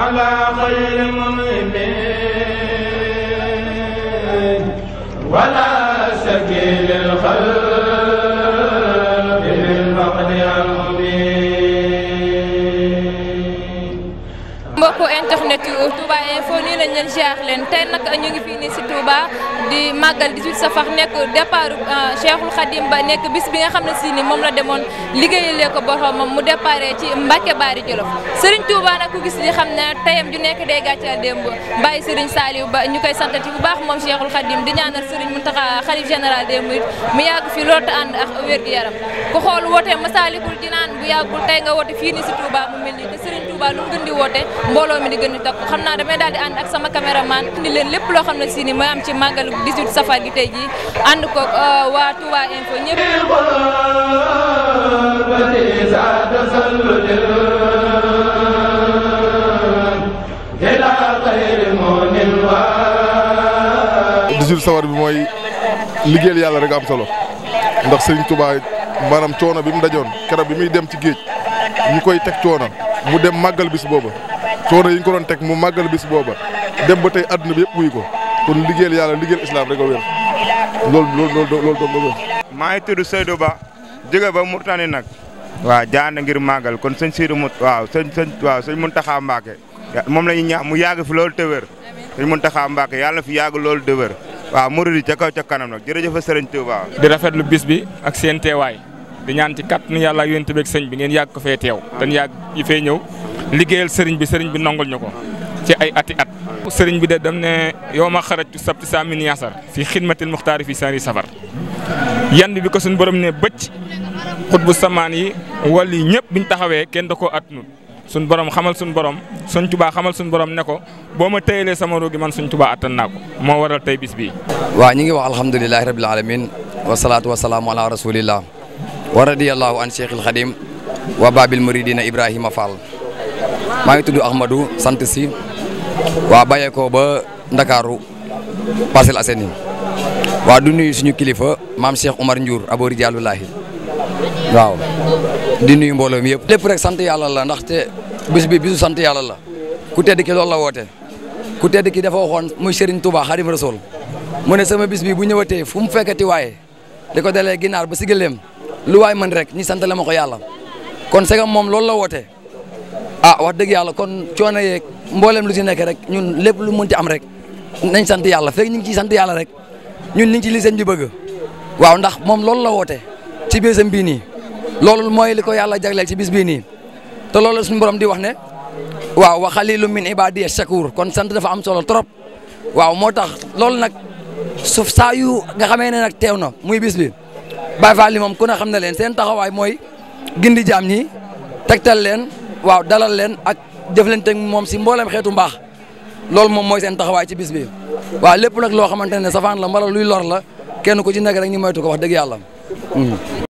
على خير منيب ولا سكيل الخلق mbokku internet yu Touba Info nii lañ leen ziar leen tey nag ñu ngi fii si Touba di màggal 18 safar nekk départ euh, Cheikhul Khadim ba nekk bis bi nga xam ne si ni moom la demoon liggéeyalee ko boromam mu départ ci Mbacke Bari Jolof Serigne Touba nag ku gis li xam ne teyam ju nekk day gàccal démb bàyyi Serigne Saliou ba ñu koy santati bu baax moom Cheikhul Khadim di ñaanal Serigne a xalif général des Mourides mu yàgg fi loolu te ànd ak wér-gu-yaram ku xool woote Masaalikul Jinaan bu yàggul tey nga Touba lu gën di woote mbooloo mi di gën di takku xam naa damay daal di ànd ak sama caméraman indi leen lépp loo xam ne si ni mooy am ci màggalu 18 safar gi tey jii ànd ko euh, waa Touba Info ñëpp dix safar bi mooy liggéeyal yàlla rek am solo ndax Serigne Touba maanaam coono bi mu dajoon keroog bi muy dem ci géej mu koy teg coono mu dem màggal bis booba coono yi ñu ko doon teg mu màggal bis booba dem ba tey àdduna bi yëpp wuy ko kon liggéeyal yàlla liggéeyal islam rek a wér loolu loolu loolu doon nga maa ngi tudd Seydou Ba jóge ba mu Mourtani nag. waaw jaana ngir màggal kon sëñ Sidi mu waaw sëñ sëñ waaw sëñ Mountakha Mbacké moom la ñuy ñaax mu yàgg fi loolu te wér sëñ Mountakha Mbacké yàlla fi yàgg loolu te wér waaw murid yi ca kaw ca kanam nag jërëjëf Serigne Touba. di rafetlu bis bi ak seen teewaay. di ñaan ci kàttanu yàlla ak yonent bi ak sëñ bi ngeen yàgg ko fee teew dañ yàgg yi fee ñëw liggéeyal sëriñ bi sëriñ bi nangul ñu ko ci ay ati at sëriñ bi de dem ne yow ma xarajtu sabti saa min yasar fi xidmatil muxtaari fi sari safar yan bi ko suñu borom ne bëcc xutbu samaan yi wala yi ñëpp biñ taxawee kenn da koo atnul suñ borom xamal suñ borom suñ tubaa xamal suñ borom ne ko boo ma téyelee sama roogi man suñ tubaa attan naa ko moo waral tey bis bii. waaw ñu ngi wax alhamdulilahi rabil alamin wasalaatu wasalaamu ala rasulillah wa radiyallahu an Cheikhil Khadim wa babil muridina Ibrahima Fall maa ngi tudd Ahmadou sant si waa bàyyeekoo ba Ndakaaru Parcelles Assainies waa du nuyu suñu kilifa maam Cheikh Omar Ndiour aboori Dialloulahi waaw di nuyu mbooloo yëpp lépp rek sant yàlla la ndaxte bés bisu sant yàlla la ku tedd ki loolu la woote ku tedd ki dafa waxoon muy Serigne Touba Xadim Rasoul mu ne sama bis bi bu ñëwatee fu mu fekkati waaye di ko dalee ginaar ba si gëléem lu waaye man rek ñi sant la ma ko yàlla kon segam moom loolu la woote a ah wax dëgg yàlla kon coono yeeg mboolem lu si nekk rek ñun lépp lu mun mënti am rek nañ sant yàlla fekk ñu ngi ciy sant yàlla rek ñun ñu ngi ci li sëñ bi bëgg waaw ndax moom loolu la woote ci bésam bii nii loolu mooy li ko yàlla jagleel si biis bii nii te loolu suñu borom di wax ne waaw wa lu min ibadiya shakur kon sant dafa am solo trop waaw moo tax loolu nag suuf saa yu nga xamee ne nag teew na muy bis Baye Fall moom ku ne xam na leen seen taxawaay mooy gindi jaam ni tegtal leen waaw dalal leen ak jëflante moom si mboolem xeetu mbaax loolu moom mooy seen taxawaay ci bis bi waaw lépp nag loo xamante ne safaan la mbala luy lor la kenn ku ci nekk rek ñu moytu ko wax dëgg yàlla. Hmm.